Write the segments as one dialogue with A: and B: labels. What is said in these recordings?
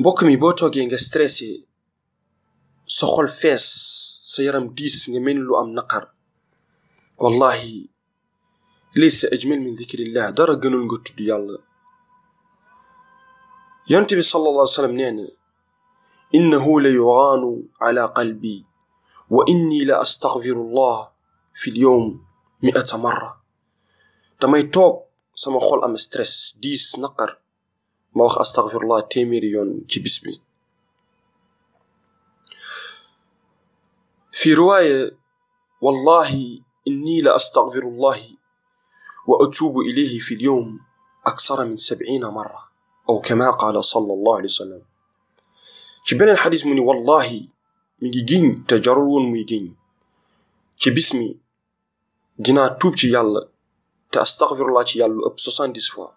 A: mbokk mi boo toogee nga stressé sa xol fees sa yaram diis nga mel lu am naqar wallahi laysa ajmal min dikrillah dara gënul nga tudd yàlla yonte bi sal allah sallam nee na innahu la yugaanu ala qalbi wa inni la astagfiru llah fi lyowm miata marra damay toog sama xol am stress diis naqar واخ أستغفر الله تيميريون كبسبي في رواية والله إني لأستغفر الله وأتوب إليه في اليوم أكثر من سبعين مرة أو كما قال صلى الله عليه وسلم كبين الحديث مني والله جين تجرون ميجين كبسمي دينا توب يالا تأستغفر الله يالا أب 70 فوا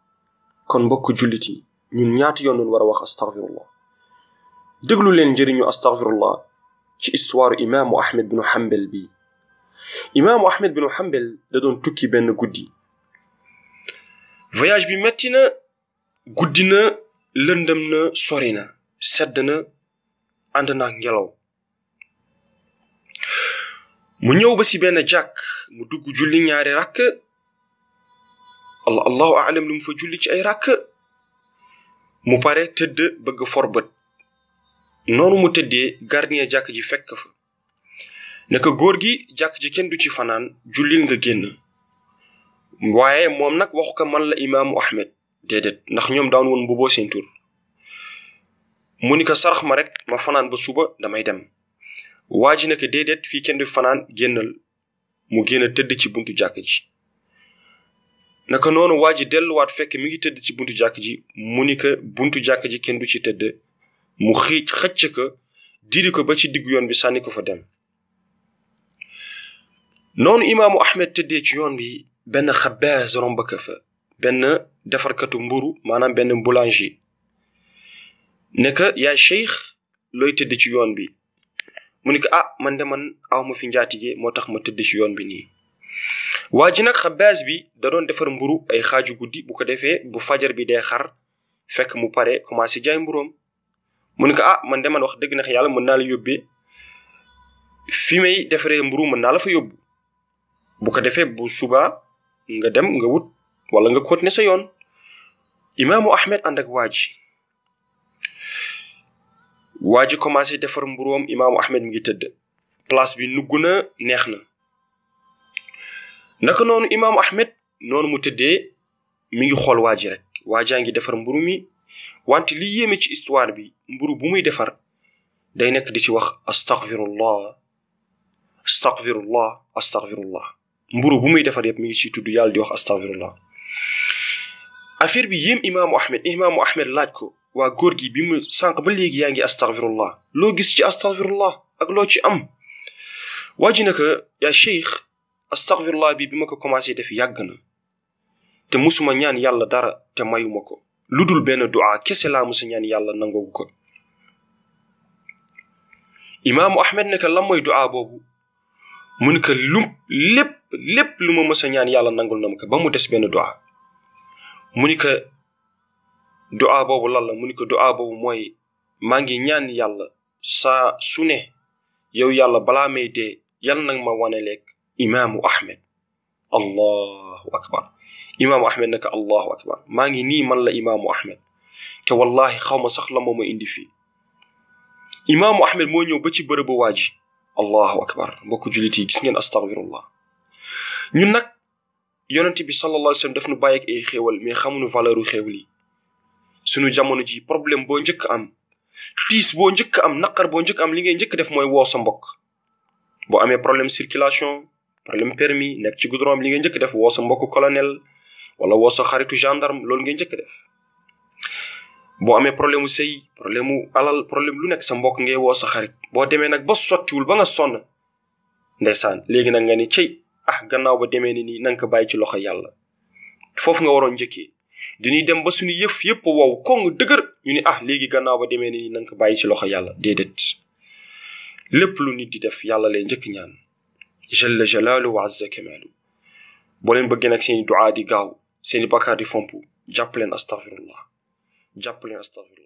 A: كون بوكو جلتي ñun ñaata yoon lañ war a wax astaghfirullah déglu leen njëriñu astaghfirullah ci histoire imaamu ahmed binu hambel bi imaamu ahmed binu hambel da doon tukki benn guddi voyage bi metti na guddi na lëndëm na sori na sedd na ànd naa ngelaw mu ñëw ba si benn jàkk mu dugg julli ñaari rakk allah allahu alam lu mu fa julli ci ay rakk mu pare tëdd bëgg forbët noonu mu tëddee gardien jàkk ji fekk fa ne góor gi jàkk ji kenn du ci fanaan jullil nga génn waaye moom nag waxu ko man la imaamu ahmed déedéet ndax ñoom daan woon mbubboo seen tur mu ni ko sarax ma rek ma fanaan ba suba damay dem waa ji ne ko fii kenn du fanaan génnal mu génn tëdd ci buntu jàkk ji naka noonu waa ji delluwaat fekke mi ngi tëdd ci buntu jàkk ji mu ni ko buntu jàkk ji kenn du ci tëdd mu xiic xëcc ko diri ko ba ci diggu yoon bi sànni ko fa dem noonu imaamu ahmed tëddee ci yoon bi benn xabaas romb ko fa benn defarkatu mburu maanaam benn boulanger ne ko yaa cheikh looy tëdd ci yoon bi mu ni ko ah man de man aw ma fi njaatige moo tax ma tëdd ci yoon bi nii waji nak xabbaas bi da doon defar mburu ay xaaju guddi bu ko defee bu fajar bi dee xar fekk mu pare commencé jaay mburoom mu ne ko ah man demal wax dëgg na yàlla mën naa la yóbbee fi may defaree mburu mën naa la fa yóbbu bu ko defee bu suba nga dem nga wut wala nga continuer sa yoon imaamu ahmed ànd ak waaji waaji commencé defar mburoom imaamu ahmed mi ngi tëdd place bi nugg na naka noonu imaamu Ahmed noonu mu tëddee mi ngi xool waaji rek waa jaa ngi defar mburu mi wante li yéeme ci histoire bi mburu bu muy defar day nekk di ci wax astaghfirullah astaghfirullah astaghfirullah mburu bu muy defar yëpp mi ngi ciy tudd yàlla di wax astaghfirullah affaire bi yéem imaamu Ahmed imaamu Ahmed laaj ko waa góor gi bi mu sànq ba léegi yaa ngi astaghfirullah loo gis ci astaghfirullah ak loo ci am waa naka yaa cheikh astaghfirullah bi bi ma ko commencé def yàgg na te musuma ñaan yàlla dara te mayuma ko lu dul benn du'a kese laa musa ñaan yàlla nangogu ko imaamu ahmed ne ko lan mooy du'a boobu mu ne ko lu lépp lépp lu ma mës ñaan yàlla nangul na ma ko ba mu des benn du'a mu ni ko du'a boobu lan la mu ni ko du'a boobu mooy maa ngi ñaan yàlla sa su ne yow yàlla balaa may dee yàlla nag ma wane lekk imaamu ahmed allahu akbar imaamu ahmed ne ko allahu akbar maa ngi nii man la imaamu ahmed te wallahi xaw ma sax la moo ma indi fii imaamu ahmed moo ñëw ba ci bërëbu waa ji allahu akbar mbokk jullit yi gis ngeen astagfirullah ñun nag yonent bi sallallahu alayhi wa sallam daf nu bàyyi ak ay xéewal mais xamuñu valeur u xéewal yi suñu jamono ji problème boo njëkk am tiis boo njëkk am naqar boo njëkk am li ngay njëkk def mooy woo sa mbokk boo amee problème circulation problème permis nekk ci goudron bi li ngay jëkk def woo sa mbokku colonel wala woo sa xaritu gendarme loolu ngay njëkk def boo amee problème mu sëy problème mu alal problème lu nekk sa mbokk ngay woo sa xarit boo demee nag ba sottiwul ba nga sonn ndeysaan léegi nag nga ni cëy ah gannaaw ba demee ni nii na ko bàyyi ci loxo yàlla foofu nga waroon njëkkee dañuy dem ba suñu yëf yëpp wow koŋ dëgër ñu ni ah léegi gannaaw ba demee ni nii na nga ko bàyyi ci loxo yàlla déedéet lépp lu nit di def yàlla lay njëkk ñaan جل جلاله وعز كماله بولين بجنك سيني دعادي قاو سيني بكاري فمبو جابلين استغفر الله جابلين استغفر